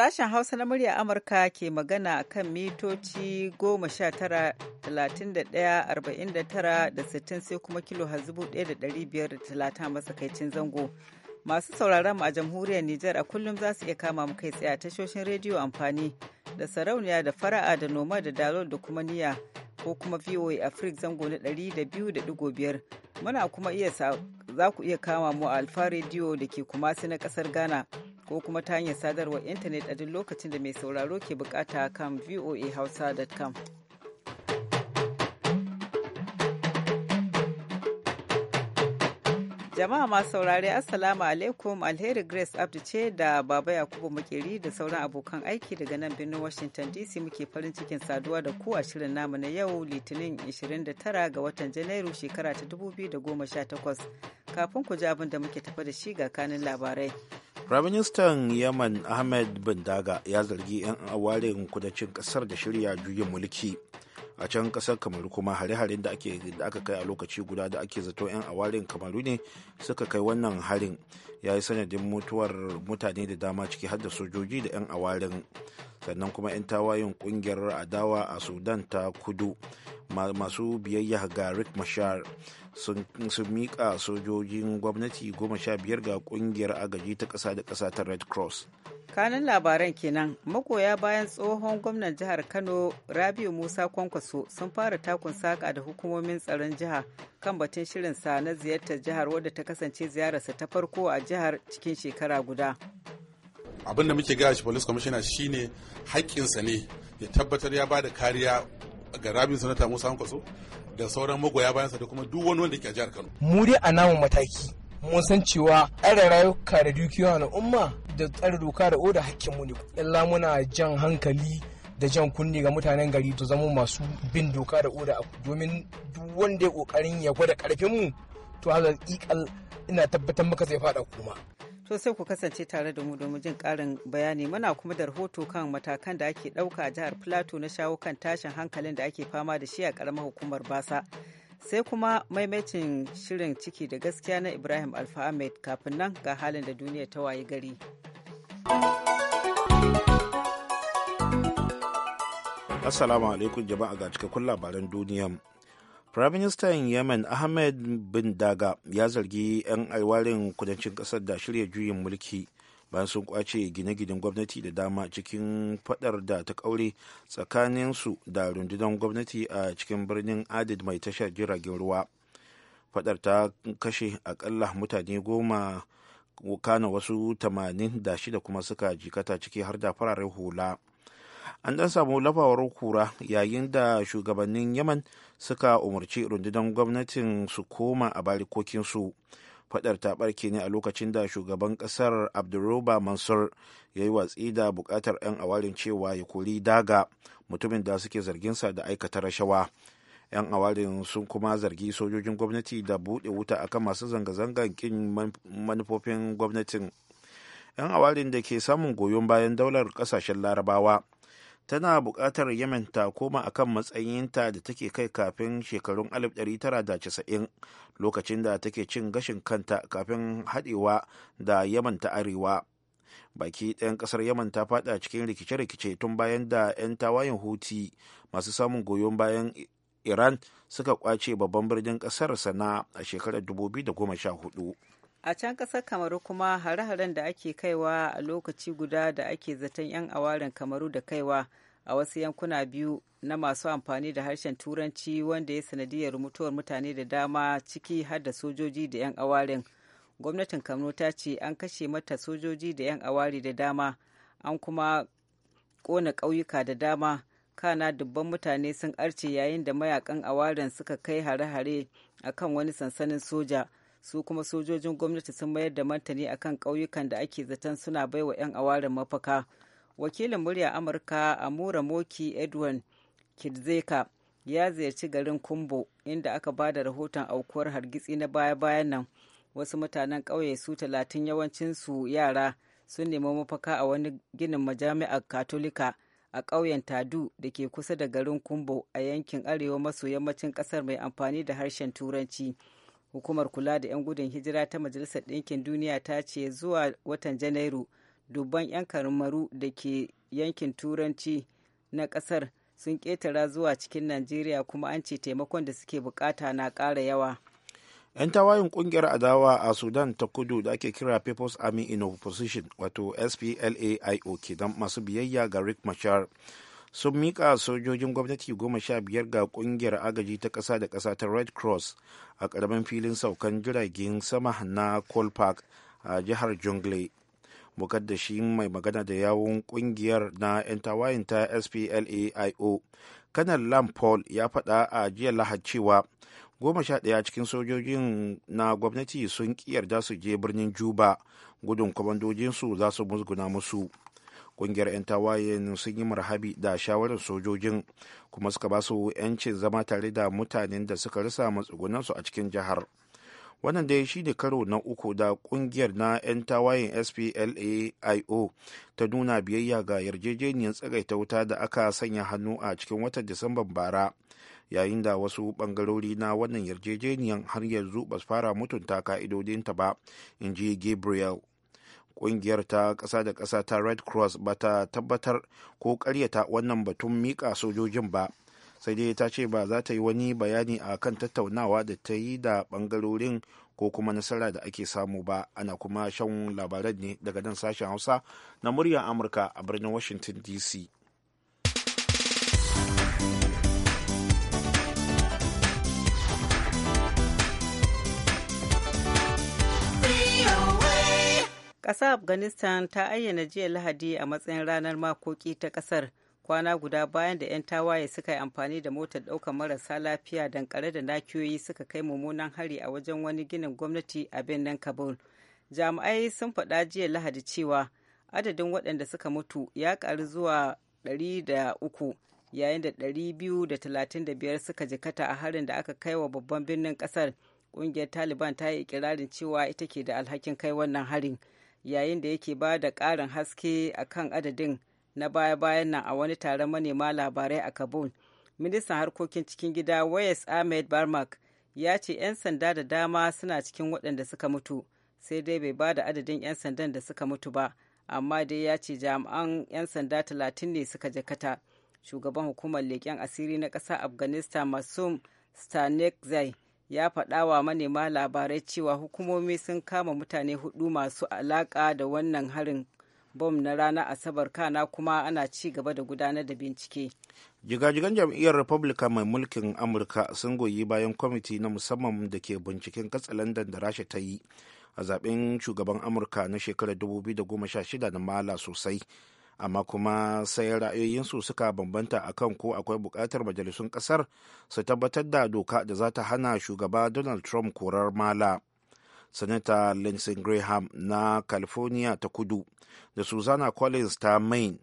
Sashen Hausa na murya Amurka ke magana kan mitoci 19,31,49 da 60 sai kuma kilo hazubu 1,530 matsakaicin zango. Masu sauraron mu a jamhuriyar Nijar a kullum za su iya kama mu kai tsaye a tashoshin rediyo amfani da sarauniya da fara'a da noma da dalol da kuma niya ko kuma VOA Africa zango na 200.5 muna kuma iya za ku iya kama mu a alfa rediyo da ke kumasi na kasar Ghana. ko kuma ta hanyar sadarwar intanet a duk lokacin da mai sauraro ke bukata kan voahausa.com. jama'a masu saurare assalamu alaikum alheri grace abdu ce da baba yakubu makeri da sauran abokan aiki daga nan birnin washington dc muke farin cikin saduwa da ku a shirin namu na yau litinin 29 ga watan janairu shekara ta 2018 kafin ku ji abin da muke tafa da shi ga kanin labarai Firaministan Yaman Ahmed bin Daga ya zargi 'yan awarin kudancin kasar da shirya juyin mulki. A can kasar Kamaru kuma hare-haren da aka kai a lokaci guda da ake zato 'yan awarin Kamaru ne suka kai wannan harin ya yi sanadin mutuwar mutane da dama ciki har da sojoji da 'yan awarin. Sannan kuma 'yan tawayen kungiyar adawa a Sudan ta kudu masu biyayya ga Rick Mashar sun miƙa sojojin gwamnati goma sha biyar ga ƙungiyar agaji ta ƙasa da ƙasa ta red cross kanin labaran kenan magoya bayan tsohon gwamnan jihar kano rabiu musa kwankwaso sun fara takun saka da hukumomin tsaron jiha kan batun shirinsa na ziyartar jihar wadda ta kasance ziyararsa ta farko a jihar cikin shekara guda abinda muke gaya shi police commissioner shine haƙƙinsa ne ya tabbatar ya ba da kariya ga rabin sanata musa hankwaso da sauran magoya bayansa da kuma duk wani wanda ke jihar kano mu dai a namu mataki mun san cewa tsare rayuka da dukiyoyi umma da tsare doka da oda hakkin mu ne illa muna jan hankali da jan kunne ga mutanen gari to zama masu bin doka da oda domin duk wanda ya kokarin ya gwada karfin mu to haka ina tabbatar maka zai fada kuma to sai ku kasance tare da mu domin jin karin bayani muna kuma da rahoto kan matakan da ake ɗauka a jihar plateau na shawo kan tashin hankalin da ake fama da shi a karamar hukumar basa sai kuma maimacin shirin ciki da gaskiya na ibrahim alfa ahmed kafin nan ga halin da duniya ta waye gari assalamu alaikum jama'a ga cikakkun labaran duniya Firaministan Yemen Ahmed bin Daga ya zargi 'yan alwarin kudancin kasar da shirya juyin mulki bayan sun kwace gine-ginen gwamnati da dama cikin fadar da ta kaure tsakaninsu da rundunar gwamnati a cikin birnin adid mai tashar jiragen ruwa fadar ta kashe akalla mutane goma kana wasu 86 kuma suka jikata ciki har da fararen hula an dan samu lafawar kura yayin da shugabannin yaman suka umarci rundunar gwamnatin su koma a barikokinsu fadar ta barke ne a lokacin da shugaban kasar abdulroba mansur ya yi watsi da bukatar 'yan awalin cewa ya kori daga mutumin da suke zarginsa da aikata rashawa 'yan awarin sun kuma zargi sojojin gwamnati da buɗe wuta akan masu zanga-zangar kin manufofin gwamnatin 'yan awalin da ke samun goyon bayan daular kasashen larabawa tana buƙatar yemen ta koma akan matsayinta da take kai kafin shekarun 1990 lokacin da take cin gashin kanta kafin haɗewa da yemen ta arewa baki ɗayan ƙasar yaman ta faɗa cikin rikice-rikice tun bayan da 'yan tawayen huti masu samun goyon bayan iran suka kwace babban birnin ƙasar sana a shekarar 2014 a can kasar kamaru kuma hare-haren da ake kaiwa a lokaci guda da ake zaton 'yan awarin kamaru da kaiwa a wasu yankuna biyu na masu amfani da harshen turanci wanda ya sanadiyar mutuwar mutane da dama ciki har da sojoji da 'yan awarin gwamnatin kamaru ta ce an kashe mata sojoji da 'yan awari da dama an kuma kona ƙauyuka da dama kana dubban mutane sun arce yayin da mayakan awarin suka kai hare-hare akan wani sansanin soja. su kuma sojojin gwamnati sun mayar da martani kan ƙauyukan da ake zaton suna bai wa 'yan awarin mafaka wakilin murya amurka amura moki edwin kidzeka ya ziyarci garin kumbo inda aka ba da rahoton aukuwar hargitsi na baya-bayan nan wasu mutanen ƙauye su talatin yawancinsu yara sun nemi mafaka a wani ginin majami'ar katolika a ƙauyen tadu da ke kusa da garin kumbo a yankin arewa maso yammacin ƙasar mai amfani da harshen turanci hukumar kula da 'yan gudun hijira ta majalisar ɗinkin duniya ta ce zuwa watan janairu dubban 'yan karmaru da ke yankin turanci na ƙasar sun ƙetara zuwa cikin najeriya kuma an ce taimakon da suke bukata na ƙara yawa 'yan tawayin ƙungiyar adawa a sudan ta kudu da ake kira people's army in opposition wato splaio kidan masu biyayya ga rick machar sun mika sojojin gwamnati goma sha biyar ga kungiyar agaji ta ƙasa da ƙasa ta red cross a ƙaramin filin saukan jiragen sama na coal park a jihar jungle mukaddashin mai magana da yawun kungiyar na 'yan tawayin ta splaio kanar lam paul ya faɗa a jiya lahad cewa goma sha ɗaya cikin sojojin na gwamnati sun ƙi yarda su je birnin juba gudun kwamandojinsu za su musguna musu kungiyar 'yan tawayen sun yi marhabi da shawarar sojojin kuma suka ba su 'yancin zama tare da mutanen da suka rasa matsugunansu a cikin jihar wannan dai shi ne karo na uku da kungiyar na 'yan tawayen splaio ta nuna biyayya ga yarjejeniyar tsagaita wuta da aka sanya hannu a cikin watan disamban bara yayin da wasu bangarori na wannan yarjejeniyar har yanzu ba su fara mutunta ka'idodinta ba in ji gabriel ƙungiyar ta ƙasa da ƙasa ta red cross ba ta tabbatar ko ƙaryata wannan batun miƙa sojojin ba sai dai ta ce ba za ta yi wani bayani a kan tattaunawa da ta yi da ɓangarorin ko kuma nasara da ake samu ba ana kuma shan labaran ne daga nan sashen hausa na muryar amurka a birnin washington dc ƙasa afghanistan ta ayyana jiya lahadi a matsayin ranar makoki ta ƙasar kwana guda bayan da 'yan tawaye suka yi amfani da motar ɗaukar marasa lafiya dankare da nakiyoyi suka kai mummunan hari a wajen wani ginin gwamnati a birnin kabul jami'ai sun faɗa jiya lahadi cewa adadin waɗanda suka mutu ya ƙaru zuwa 300 yayin da 235 suka jikata a harin da aka kai wa babban birnin ƙasar ƙungiyar taliban ta yi ikirarin cewa ita ke da alhakin kai wannan harin yayin da yake ba da ƙarin haske a kan adadin na baya-bayan nan a wani taron manema labarai a kabul ministan harkokin cikin gida wayes ahmed barmak ya ce 'yan sanda da dama suna cikin waɗanda suka mutu sai dai bai ba da adadin 'yan sandan da suka mutu ba amma dai ya ce jami'an 'yan sanda talatin ne suka jakata shugaban hukumar leƙen asiri na ƙasa afghanistan masum zai ya faɗa wa manema labarai cewa hukumomi sun kama mutane hudu masu alaƙa da wannan harin bom na rana asabar kana kuma ana ci gaba da gudanar da bincike jigajigan jam'iyyar republican mai mulkin amurka sun goyi bayan kwamiti na musamman da ke binciken katsalandan da rasha ta yi a zaben shugaban amurka na shekarar 2016 na mala sosai amma kuma sai ra'ayoyinsu suka bambanta a kan ko akwai buƙatar majalisun ƙasar su tabbatar da doka da za ta hana shugaba donald trump korar mala sanata lindsey graham na california ta kudu da susanna collins ta maine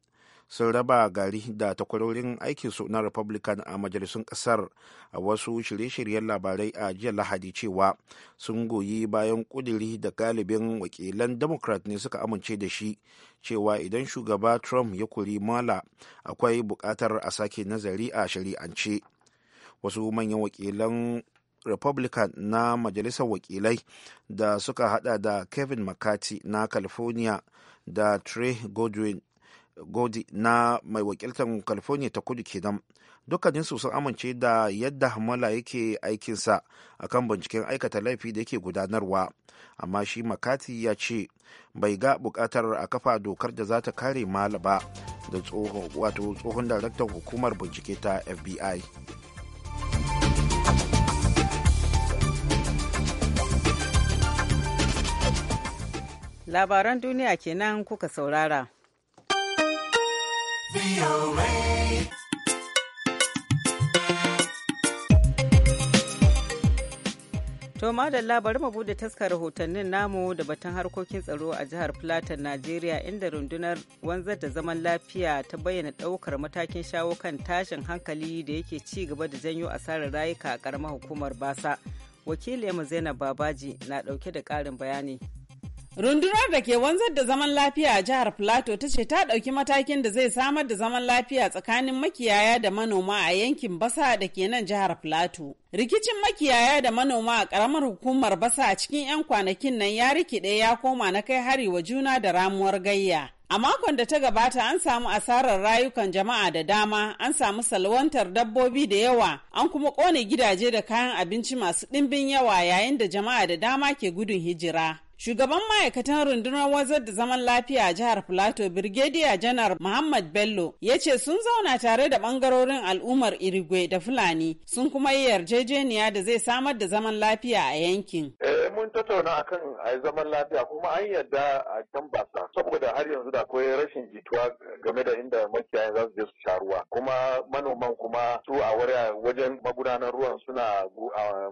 sun raba gari da takwarorin aikinsu na republican a majalisun kasar a wasu shirye-shiryen labarai a jiya lahadi cewa sun goyi bayan kudiri da galibin wakilan democrat ne suka amince da shi cewa idan shugaba trump ya kuri mala akwai bukatar a sake nazari a shari'ance wasu manyan wakilan republican na majalisar wakilai da suka hada da kevin mccarthy na california da trey godwin godi na mai wakiltar california ta kudu kenan dukkanin su sun amince da yadda hamala yake aikinsa a kan binciken aikata laifi da yake gudanarwa amma shi makati ya ce bai ga bukatar a kafa dokar da za ta kare mala ba da tsohon daraktan hukumar bincike ta fbi labaran duniya kenan kuka saurara To madalla bari mu bude taskar rahotannin namu da batun harkokin tsaro a jihar Plateau, Najeriya inda rundunar wanzar da zaman lafiya ta bayyana ɗaukar matakin shawo kan tashin hankali da yake ci gaba da janyo asarar rayuka a ƙaramar hukumar Basa. wakili Emma Zainab Babaji na ɗauke da ƙarin bayani. Rundunar da ke wanzar da zaman lafiya a jihar Plateau ta ce ta ɗauki matakin da zai samar da zaman lafiya tsakanin makiyaya da manoma a yankin Basa da ke nan jihar Plateau. Rikicin makiyaya da manoma a ƙaramar hukumar Basa a cikin 'yan kwanakin nan ya rikide ya koma na kai hari wa juna da ramuwar gayya. A makon da ta gabata an samu asarar rayukan jama'a da dama, an samu salwantar dabbobi da yawa, an kuma kone gidaje da kayan abinci masu ɗimbin yawa yayin da jama'a da dama ke gudun hijira. Shugaban ma'aikatan rundunar wazar da zaman lafiya a jihar Filato Birgediya Janar Muhammad Bello ya ce sun zauna tare da bangarorin al'ummar Irigwe da Fulani sun kuma yi yarjejeniya da zai samar da zaman lafiya a yankin. Eh mun tattauna akan a zaman lafiya kuma an yarda a can basa saboda har yanzu da akwai rashin jituwa game da inda makiyayan za su je su sha ruwa kuma manoman kuma su a wajen magudanar ruwan suna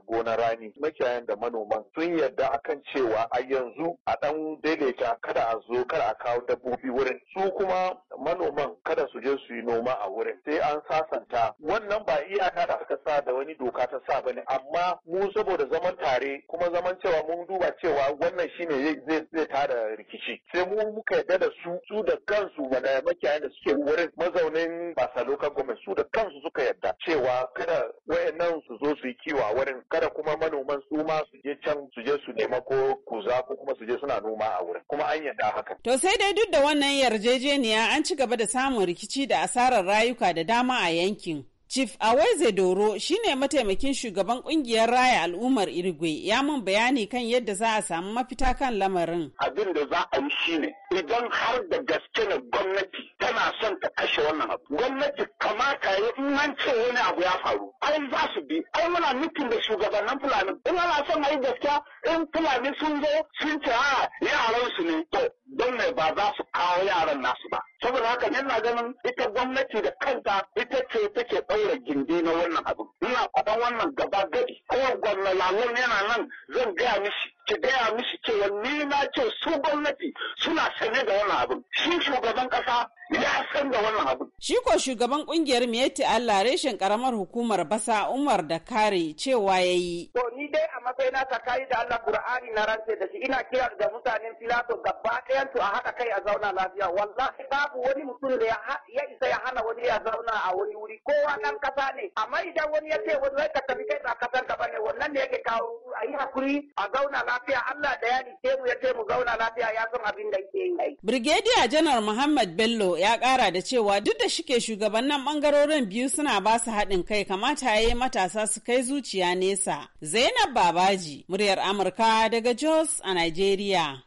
gona rani makiyayan da manoman sun yarda akan cewa ayyuka yanzu a ɗan daidaita kada a zo kada a kawo dabbobi wurin su kuma manoman kada su je su yi noma a wurin sai an sasanta wannan ba iyaka da aka sa da wani doka ta sa bane amma mu saboda zaman tare kuma zaman cewa mun duba cewa wannan shine zai zai tada rikici sai mu muka yadda da su su da kansu wanda makiyayan da suke wurin mazaunin basalo kan gwamnati su da kansu suka yarda cewa kada wayannan su zo su yi kiwo a wurin kada kuma manoman su ma su je can su je su nema ko kuza ko kuma su je suna noma a wurin kuma an yarda haka. To sai dai duk da wannan yarjejeniya an ci gaba da samun rikici da asarar rayuka da dama a yankin. Chief Aweze Doro shine mataimakin shugaban kungiyar raya al'ummar Irigwe ya mun bayani kan yadda za a samu mafita kan lamarin. Abin da za a yi shine idan har da gaske na gwamnati tana son ta kashe wannan abu. Gwamnati kamata ya in an ce wani abu ya faru. Ai za su bi. Ai muna nufin da shugabannin Fulani. In ana son a yi gaskiya in Fulani sun zo sun ce a yaran su ne. To don mai ba za su kawo yaran nasu ba. Saboda haka yana ganin ita gwamnati da kanta ita ce take ɗaura gindi na wannan abin. Ina faɗan wannan gaba gadi. Ko lalon yana nan zan gaya mishi ki gaya mishi cewa ni na ce su gwamnati suna sane da wannan abin shi shugaban kasa ya san da wannan abin. Shi ko shugaban kungiyar Miyetti Allah reshen karamar hukumar Basa Umar da Kare cewa ya yi. To ni dai a matsayina kayi da Allah Kur'ani na rance da shi ina kira da mutanen Filato gaba ɗayan su a haka kai a zauna lafiya wallahi babu wani mutum da ya isa ya hana wani ya zauna a wani wuri kowa nan kasa ne amma idan wani ya ce wani wai ka tafi kai ta kasar ka ne wannan ne yake kawo a yi hakuri a zauna lafiya Allah da ya dace mu yace mu zauna lafiya ya san abin da yake yi. Brigadier Janar Muhammad Bello ya kara da cewa duk da shike shugabannin bangarorin biyu suna ba su haɗin kai kamata ya yi matasa su kai zuciya nesa. Zainab Babaji, muryar Amurka daga Jos a Nigeria.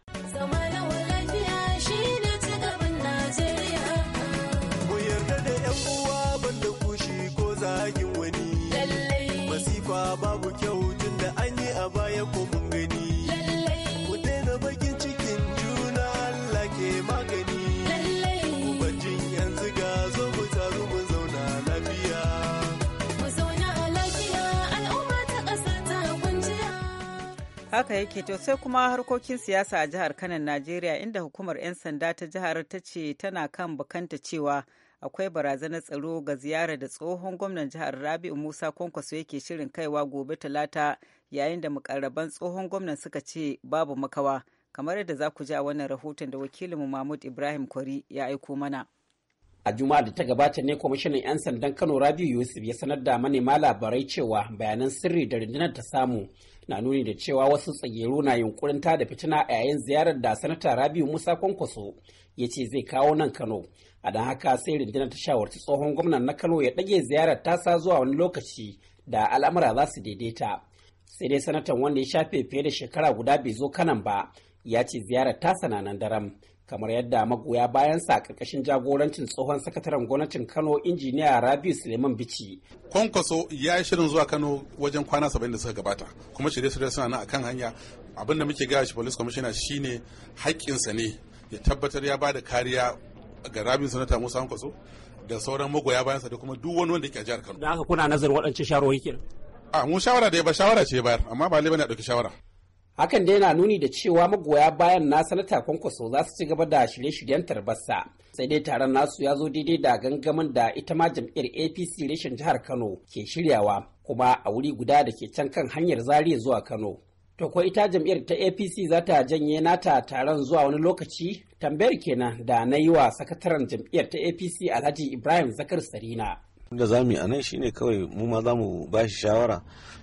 haka yake to sai kuma harkokin siyasa a jihar kanan najeriya inda hukumar 'yan sanda ta jihar ta ce tana kan bakanta cewa akwai barazanar tsaro ga ziyara da tsohon gwamnan jihar rabi'u musa kwankwaso yake shirin kaiwa gobe talata yayin da mukarraban tsohon gwamnan suka ce babu makawa kamar yadda za ku ji a wannan rahoton da wakilinmu mahmud ibrahim kwari ya aiko mana a juma'a da ta gabata ne kwamishinan 'yan sandan kano rabiu yusuf ya sanar da manema labarai cewa bayanan sirri da rundunar ta samu na nuni da cewa wasu tsagero na yunkurin da fitina a yayin ziyarar da sanata rabiu musa kwankwaso ya ce zai kawo nan kano a don haka sai rundunar ta shawarci tsohon gwamnan na kano ya ɗage ziyarar tasa zuwa wani lokaci da al'amura za su daidaita sai dai sanatan wanda ya shafe fiye da shekara guda bai zo kanan ba ya ce ziyarar tasa na nan daram kamar yadda magoya bayansa ƙarƙashin jagorancin tsohon sakataren gwamnatin kano injiniya rabiu suleiman bici kwankwaso ya yi shirin zuwa kano wajen kwana saba'in da suka gabata kuma shirye-shirye suna nan akan hanya abin da muke gaya shi police commissioner shine haƙƙinsa ne ya tabbatar ya ba da kariya ga rabin sanata musa kwankwaso da sauran magoya bayansa da kuma duk wani wanda yake a jihar kano da haka kuna nazarin waɗancan shawarwari kenan a mu shawara da ba shawara ce bayar amma ba lai bane a ɗauki shawara hakan dai yana nuni da cewa magoya bayan na sanata kwankwaso za su ci gaba da shirye-shiryen tarbasa sai dai taron nasu ya zo daidai da gangamin da ita ma jam'iyyar apc reshen jihar kano ke shiryawa kuma a wuri guda da ke can kan hanyar zariya zuwa kano to ko ita jam'iyyar ta apc za ta janye nata taron zuwa wani lokaci tambayar kenan da na yi wa sakataren jam'iyyar ta apc alhaji ibrahim zakar sarina da za mu yi a nan shine kawai mu ma za mu ba shi shawara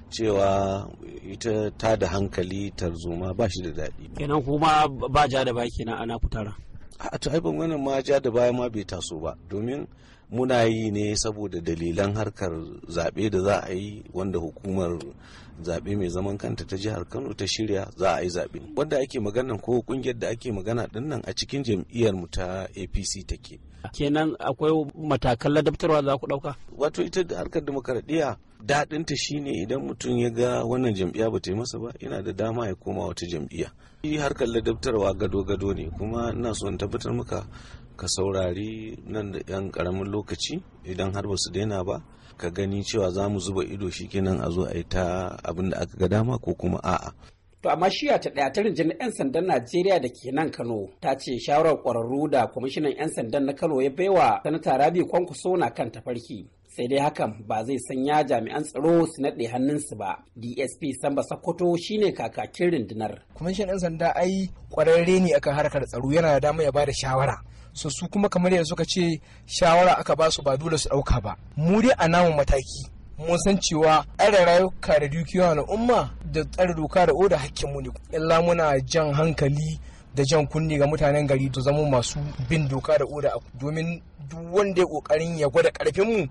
cewa ita ta da hankali tarzoma ba shi da daɗi. kenan kuma ba ja da baki na ana kutara. a to haifin wannan ma ja da baya ma bai taso ba domin muna yi ne saboda dalilan harkar zaɓe da za a yi wanda hukumar zaɓe mai zaman kanta ta jihar kano ta shirya za a yi zaɓe wanda ake magana ko kungiyar da ake magana dinnan a cikin jam'iyyar mu ta apc take kenan akwai matakan ladabtarwa za ku ɗauka wato ita da harkar demokaradiyya daɗinta shine idan mutum ya ga wannan jam'iyya ba ta yi masa ba yana da dama ya koma wata jam'iyya harkar ladabtarwa gado-gado ne kuma ina so in tabbatar maka ka saurari nan da yan karamin lokaci idan har ba su daina ba ka gani cewa za mu zuba ido shikenan a zo a yi ta abin da aka ga dama ko kuma a'a To amma shiya ta ɗaya ta rundunar 'yan sandan Najeriya da ke nan Kano ta ce shawarar ƙwararru da kwamishinan 'yan sandan na Kano ya baiwa sanata Rabi Kwankwaso na kan tafarki. sai dai hakan ba zai sanya jami'an tsaro su naɗe hannunsu ba dsp samba sakkwato shine kakakin rundunar kwamishin 'yan sanda ai kwararre ne akan harkar tsaro yana da dama ya bada shawara so su kuma kamar yanzu suka ce shawara aka ba su ba dole su ɗauka ba mu dai a namu mataki mun san cewa tsare rayuka da dukiyoyi na umma da tsare doka da oda hakkin mu ne illa muna jan hankali da jan kunne ga mutanen gari to zama masu bin doka da oda domin duk wanda ya kokarin ya gwada karfin mu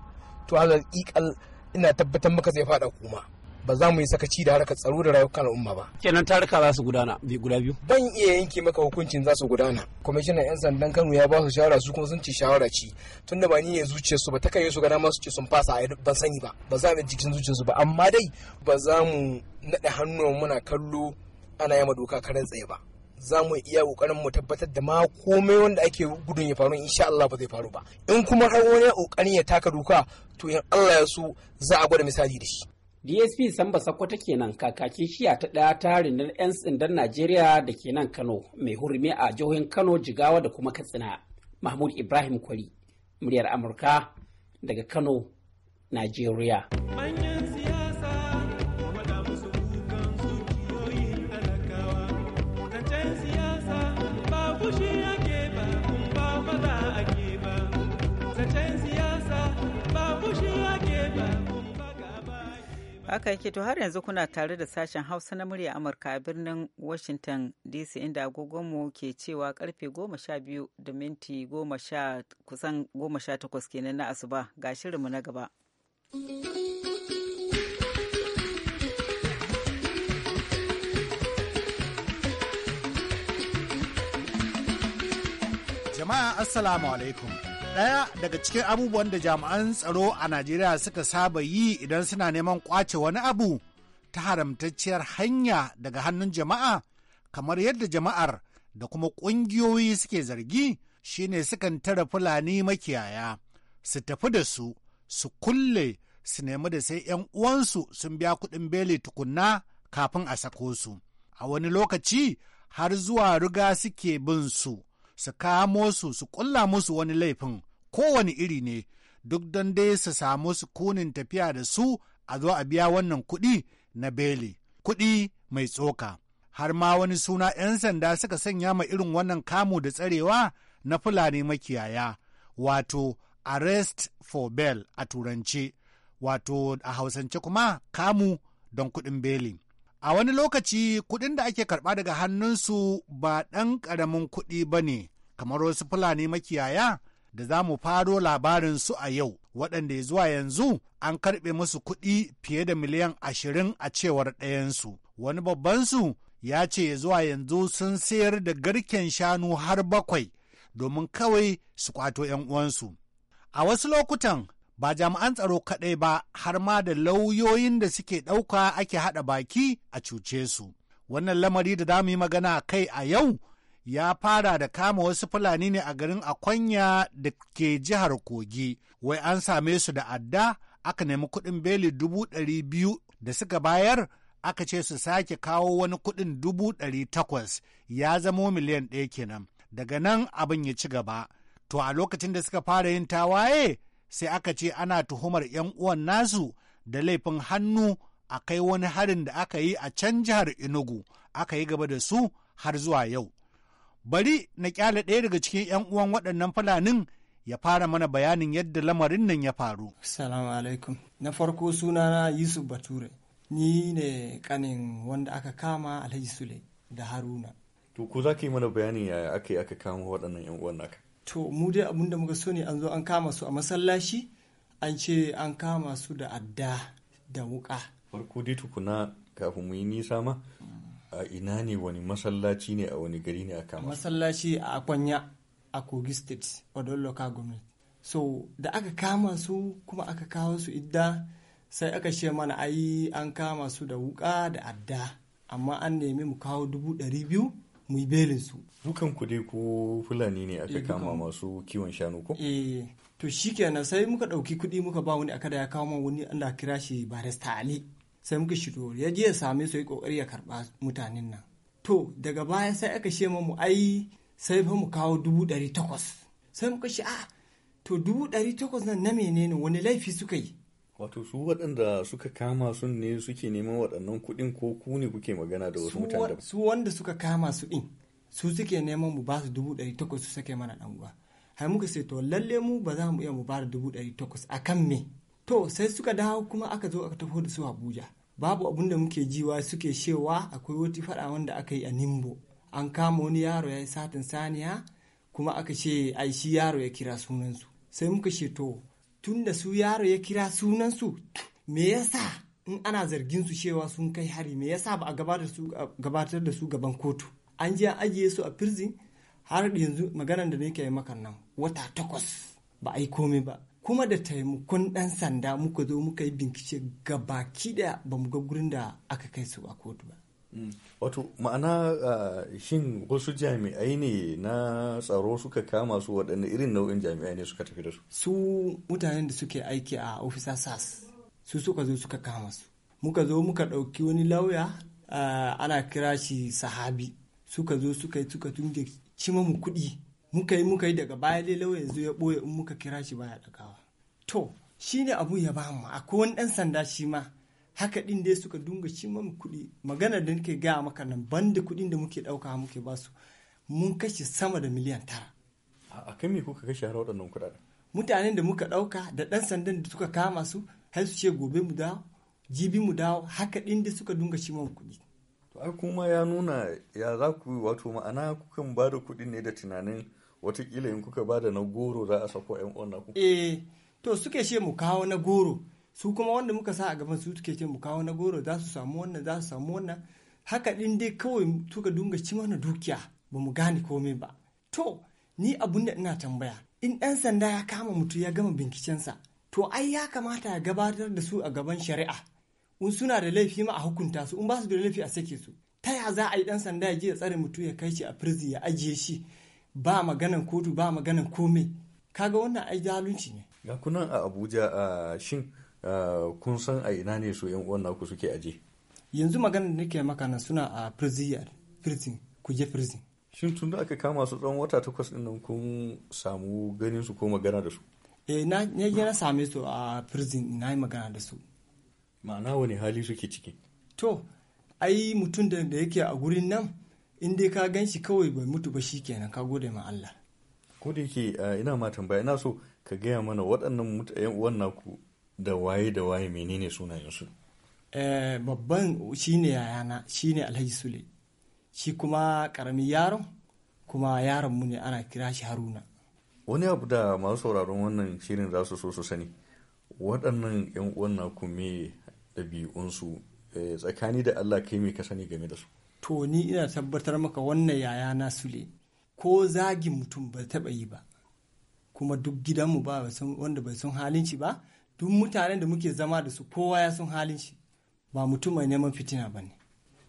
to haka ikal ina tabbatar maka zai faɗa kuma ba za mu yi sakaci da harkar tsaro da rayukan al'umma ba. Kenan taruka za su gudana bi guda biyu. Ban iya yanke maka hukuncin za su gudana. Kwamishinan 'yan sandan Kano ya ba su shawara su kuma sun ce shawara ci. Tunda ba ni ne zuciyar su ba ta kai su ga ma su ce sun fasa a ban sani ba. Ba za mu jikin zuciyar ba amma dai ba za mu naɗa hannuwan muna kallo ana yama doka karen tsaye ba. za mu iya kokarin mu tabbatar da ma komai wanda ake gudun ya faru insha Allah ba zai faru ba in kuma har wani kokarin ya taka doka to in Allah ya so za a gwada misali da shi DSP Samba Sakkwato kenan kakaki shiya ta ɗaya ta rindar 'yan tsindan Najeriya da ke nan Kano mai hurumi a jihohin Kano, Jigawa da kuma Katsina. Mahmud Ibrahim Kwari, muryar Amurka daga Kano, Najeriya. Haka yake to har yanzu kuna tare da sashen Hausa na murya Amurka a birnin Washington DC inda agogonmu ke cewa karfe goma sha biyu da minti goma sha kusan goma takwas kenan na asuba ga shirinmu na gaba. Jama'a Assalamu alaikum. ɗaya daga cikin abubuwan da jami'an tsaro a Najeriya suka saba yi idan suna neman ƙwace wani abu ta haramtacciyar hanya daga hannun jama'a, kamar yadda jama'ar da kuma ƙungiyoyi suke zargi shine sukan tara Fulani makiyaya, su tafi da su, su kulle, su nemi da sai 'yan uwansu sun biya kuɗin beli tukunna kafin a sako su. A wani lokaci har zuwa riga suke bin su. su kamo su su ƙulla musu wani laifin kowane iri ne duk don dai su samu su sukunin tafiya da su a zo a biya wannan kuɗi na beli kuɗi mai tsoka har ma wani suna 'yan sanda suka sanya ma irin wannan kamu da tsarewa na fulani makiyaya wato arrest for bail a turance wato a hausance kuma kamu don kuɗin beli A wani lokaci kuɗin da ake karɓa daga hannunsu ba ɗan ƙaramin kuɗi ba ne, kamar wasu Fulani makiyaya da za mu faro labarinsu a yau, waɗanda ya zuwa yanzu an karɓe musu kuɗi fiye da miliyan ashirin a cewar ɗayansu. Wani babbansu ya ce zuwa yanzu sun sayar da garken shanu har bakwai domin kawai su kwato 'yan uwansu. A wasu lokutan ba jami'an tsaro kaɗai ba har ma da lauyoyin da suke ɗauka ake haɗa baki a cuce su. Wannan lamari da za yi magana kai a yau ya fara da kama wasu Fulani ne a garin Akwanya da ke jihar Kogi, wai an same su da adda aka nemi kuɗin beli dubu ɗari biyu da suka bayar aka ce su sake kawo wani kuɗin dubu ɗari takwas ya zamo miliyan ɗaya kenan. Daga nan abin ya ci gaba. To a lokacin da suka fara yin tawaye sai aka ce ana tuhumar 'yan uwan nasu da laifin hannu a kai wani harin da aka yi a can jihar Enugu aka yi gaba da su har zuwa yau. Bari na kyale ɗaya daga cikin 'yan uwan waɗannan fulanin ya fara mana bayanin yadda lamarin nan ya faru. Salamu alaikum. Na farko sunana Yusuf Bature. Ni ne kanin wanda aka kama Alhaji Sule da Haruna. To ko za ka yi mana bayanin yaya aka yi aka kama waɗannan 'yan uwan naka? to mu dai abin da muka so ne an zo an kama su a masallaci an ce an kama su da adda da wuka farko dai tukuna kafin mu yi nisa ma a ina ne wani masallaci ne a wani gari ne a kama masallaci a akwanya a kogi state wadon local so da aka kama su kuma aka kawo su idda sai aka ce mana ayi an kama su da wuka da adda amma an nemi mu kawo dubu ɗari biyu mu yi belin su dukan kuɗi ko fulani ne aka eh, kama masu kiwon shanu ko eh to kenan sai muka ɗauki kuɗi muka ba wani aka da ya kawo wani Allah kira shi barista Ali sai muka shigo ya je ya same su yi kokari ya karɓa mutanen nan to daga baya sai aka ce mu ai sai fa mu kawo dubu ɗari takwas sai muka shi a ah, to dubu ɗari takwas nan na menene wani laifi suka yi Wato su waɗanda suka kama sun ne suke neman waɗannan kuɗin ko ku ne kuke magana da wasu mutane Su wanda suka kama su ɗin su suke neman mu ba su dubu ɗari takwas su sake mana ɗan uwa. har muka ce to lalle mu ba za mu iya mu ba da dubu ɗari takwas a kan me. To sai suka dawo kuma aka zo aka taho da su Abuja. Babu abin da muke jiwa suke cewa akwai wata faɗa wanda aka yi a Nimbo. An kama wani yaro ya yi satin saniya kuma aka ce ai shi yaro ya kira sunansu. Sai muka ce tunda su yaro ya kira sunansu me yasa in ana zargin su cewa sun kai hari me yasa ba a gabatar da su gaban kotu an je an ajiye su a firzin har yanzu maganar da nake yi maka nan wata takwas ba a yi komai ba kuma da taimakon dan sanda muka zo muka yi bincike gabaki da ba mu ga gurin da aka kai su a kotu ba wato ma'ana ah, shin wasu jami'ai ne na tsaro suka kama su waɗanne irin nau'in jami'ai ne suka tafi da su su mutanen da suke aiki a officer sas su suka zo suka kama su muka zo muka ɗauki wani lauya ah, ana kira shi sahabi suka zo suka yi suka tunge cima mu kuɗi muka yi muka yi daga baya dai lauya zo ya ɓoye in muka kira shi baya ɗagawa to shine abu ya bamu akwai wani ɗan sanda shi ma haka din dai suka dunga ci mamu kuɗi magana da nake gaya maka nan banda kuɗin da muke ɗauka muke basu mun kashe sama da miliyan tara a kan me kuka kashe har waɗannan kuɗaɗen mutanen da muka ɗauka da ɗan sandan da suka kama su har su ce gobe mu dawo jibi mu dawo haka din dai suka dunga ci mamu kuɗi to ai kuma ya nuna ya za ku wato ma'ana kukan ba da kuɗi ne da tunanin watakila in kuka ba da na goro za a sako 'yan uwan naku eh to suke ce mu kawo na goro su kuma wanda muka sa a gaban su suke ce mu kawo na goro za su samu wannan za su samu wannan haka din dai kawai tuka dunga ci mana dukiya ba mu gane komai ba to ni abun da ina tambaya in ɗan sanda ya kama mutu ya gama sa to ai ya kamata ya gabatar da su a gaban shari'a in suna da laifi ma a hukunta su in ba su da laifi a sake su ta ya za a yi ɗan sanda ya je ya tsare mutum ya kai shi a firzi ya ajiye shi ba maganan kotu ba maganan komai kaga wannan ai zalunci ne ga kunan a abuja a shin Eh, kun san a ina ne su yan uwan naku suke aje yanzu magana da nake maka nan suna a prison ku je prison shin tun da aka kama su tsawon wata takwas din nan kun samu ganin su ko magana da su eh na ne same su a prison na yi magana da su ma'ana wani hali suke ciki to ai mutum da yake a gurin nan in dai ka gan shi kawai bai mutu ba shi kenan ka gode ma Allah ko da yake eh, ina ma tambaya ina so ka gaya mana waɗannan mutayen uwan naku da waye da waye menene sunayensu eh, babban shine yayana shine alhaji sule shi kuma karamin yaron kuma yaron mu ne ana kira shi haruna wani abu da masu sauraron wannan shirin za su so su sani waɗannan 'yan uwan na kume ɗabi'unsu eh, tsakani da allah kai me ka sani game da su to ni ina tabbatar maka wannan yayana, sule ko zagin mutum ba taɓa yi ba kuma duk gidanmu ba wanda bai san halin ba duk mutanen da muke zama da su kowa ya sun halin shi ba mutum mai neman fitina ba ne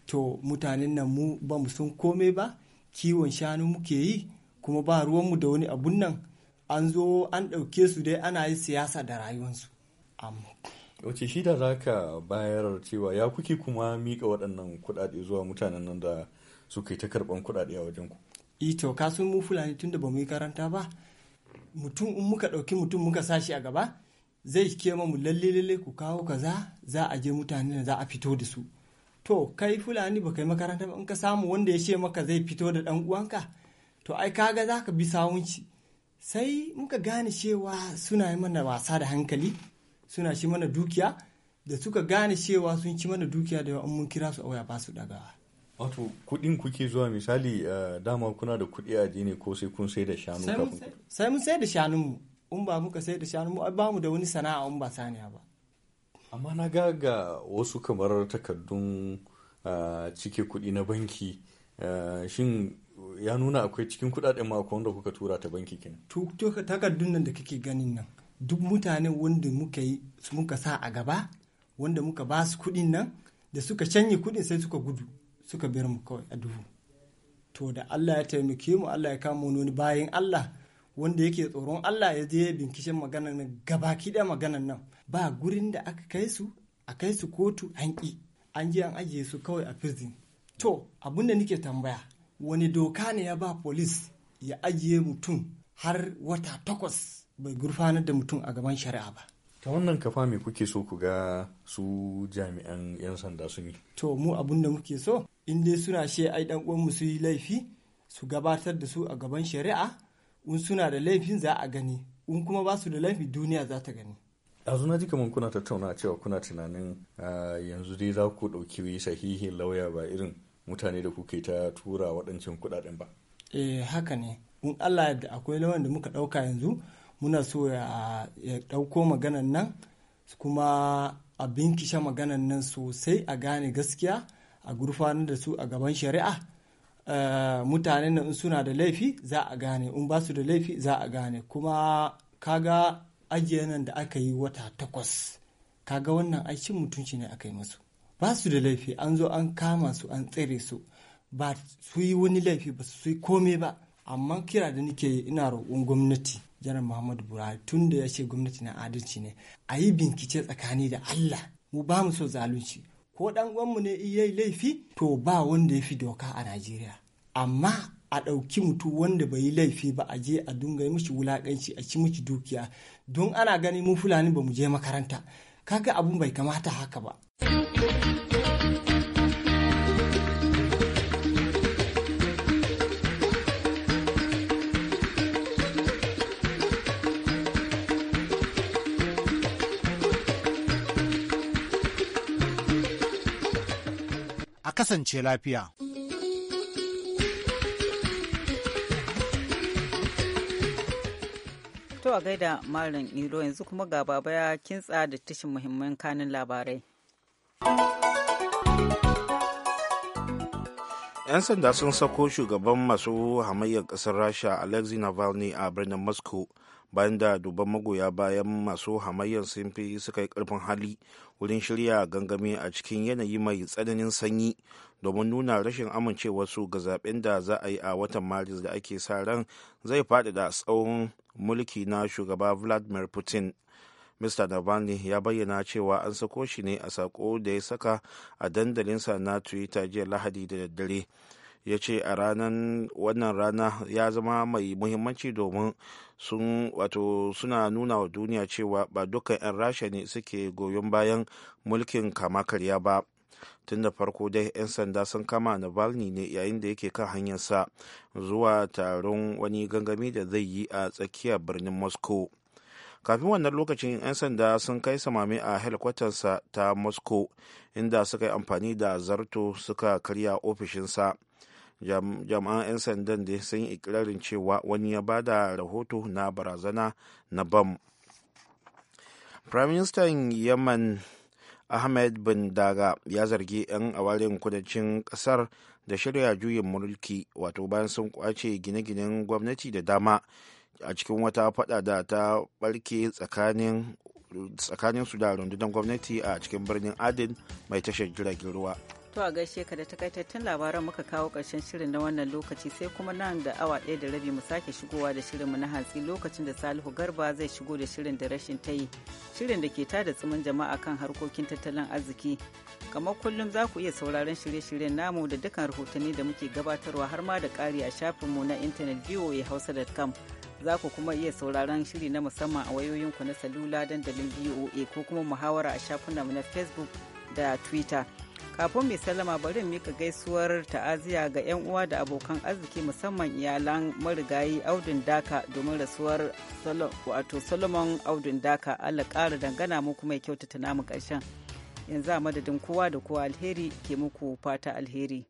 to mutanen nan mu ba mu sun kome ba kiwon shanu muke yi kuma ba ruwanmu da wani abun nan an zo an ɗauke su dai ana yi siyasa da rayuwansu wace shi da za ka bayar cewa ya kuke kuma mika waɗannan kuɗaɗe zuwa mutanen nan da su kai ta karɓan kuɗaɗe a wajen ku to ka sun mu fulani tunda da ba mu yi karanta ba mutum in muka ɗauki mutum muka sa shi a gaba zai ke mu lalle lalle ku kawo kaza za a je mutane da za a fito da su to kai fulani ba kai makaranta ba in ka samu wanda ya ce maka zai fito da dan uwanka to ai kaga za ka bi sawunci sai muka gane cewa suna yi mana wasa da hankali suna shi mana dukiya da suka gane cewa sun ci mana dukiya da yawan mun kira su a waya ba su dagawa wato kuɗin kuke zuwa misali eh, dama kuna da kuɗi a ne ko sai kun sai da shanu kafin sai mun sai da shanunmu in ba muka sai da shanu mu ba mu da wani sana'a in ba saniya ba amma na ga ga wasu kamar takardun ah, cike kuɗi na banki ah, shin ya nuna akwai cikin kuɗaɗen ma wanda kuka tura ta banki kenan takardun nan da kake ganin nan duk mutane wanda muka yi muka sa a gaba wanda muka ba su kuɗin nan da suka canye kuɗin sai suka gudu suka bar mu kawai a duhu to da Allah ya taimake mu Allah ya kama wani bayan Allah wanda yake tsoron Allah ya je binkishin maganar nan gaba kiɗa maganar nan ba gurin da aka kai su a kai su kotu an ƙi an ji an ajiye su kawai a prison to abin da nake tambaya wani doka ne ya ba polis ya ajiye mutum har wata takwas bai gurfanar da mutum a gaban shari'a ba ta wannan kafa me kuke so ku ga su jami'an 'yan sanda sun yi to mu abin da muke so in dai suna she ai dan uwan mu su yi laifi su gabatar da su a gaban shari'a in suna da laifin za a gani in kuma ba su da laifi duniya za ta gani yanzu na ji kamar kuna tattauna cewa kuna tunanin yanzu dai za ku ɗauki sahihin lauya ba irin mutane da kuke ta tura waɗancan kuɗaɗen ba eh haka ne in allah yadda akwai lawan da muka ɗauka yanzu muna so ya ɗauko maganan nan kuma a binkisha maganan nan sosai a gane gaskiya a gurfanar da su a gaban shari'a Eh, mutanen nan suna da laifi za a gane in ba su da laifi za a gane kuma kaga ajiye nan da aka yi wata takwas kaga wannan aikin mutunci ne aka yi masu ba su da laifi an zo an kama su an tsere su ba su yi wani laifi ba su yi komai ba amma kira da nake yi ina roƙon gwamnati janar muhammadu buhari tun da ya ce gwamnati na adalci ne a yi bincike tsakani da allah mu ba mu so zalunci ko ɗan uwanmu ne iya laifi to ba wanda ya fi doka a Najeriya. Amma a ɗauki mutum wanda bai yi laifi ba a je a dunga yi mishi wulaƙanci a ci mishi dukiya don ana gani mu fulani ba mu je makaranta kaga abun bai kamata haka ba kasance lafiya. To a gaida Malam Iro yanzu kuma ga baba ya kintsa da tashin muhimman kanin labarai. 'Yan sanda sun sako shugaban masu hamayyar ƙasar Rasha Alexei Navalny a birnin Moscow bayan da dubban magoya bayan masu hamayyar sun fi suka yi karfin hali wurin shirya gangami a cikin yanayi mai tsananin sanyi domin nuna rashin amincewarsu ga zaben da za a yi a watan maris da ake sa ran zai faɗaɗa tsawon mulki na shugaba vladimir putin mr navalny ya bayyana cewa an sako shi ne a sako da ya saka a dandalinsa na twitter jiya lahadi da daddare ya ce a ranar wannan rana ya zama mai muhimmanci domin sun wato suna nuna wa duniya cewa ba dukkan 'yan rasha ne suke goyon bayan mulkin kama karya ba tun da farko dai 'yan sanda sun kama navalny ne yayin da yake kan hanyarsa zuwa taron wani gangami da zai yi a tsakiyar birnin moscow kafin wannan lokacin 'yan sanda sun kai samami a helikwatarsa ta moscow inda suka yi amfani da zarto suka karya ofishinsa jama'an 'yan sandan da sun yi ikirarin cewa wani ya bada rahoto na barazana na bam prime minister yaman ahmed bin daga ya zargi 'yan awarin kudancin kasar da shirya juyin mulki wato bayan sun kwace gine-ginen gwamnati da dama a cikin wata fada da ta barke tsakanin su da rundunar gwamnati a cikin birnin adin mai tashar jiragen ruwa To a gaishe ka da takaitattun labaran muka kawo ƙarshen shirin na wannan lokaci sai kuma nan da awa ɗaya da rabi mu sake shigowa da mu na hantsi lokacin da Salihu Garba zai shigo da shirin da rashin ta yi shirin da ke tada tsimin jama'a kan harkokin tattalin arziki. Kamar kullum za ku iya sauraron shirye-shiryen namu da dukkan rahotanni da muke gabatarwa har ma da ƙari a shafinmu na intanet voahausa.com. za ku kuma iya sauraron shiri na musamman a wayoyinku na salula dandalin voa ko kuma muhawara a shafunanmu na facebook da twitter kafin mai salama bari mika gaisuwar ta'aziya ga 'yan uwa da abokan arziki musamman iyalan marigayi audun daka domin rasuwar wato solomon audun daka allah ƙara dangana mu kuma ya kyautata namu ƙarshen yanzu a madadin kowa da kowa alheri ke muku fata alheri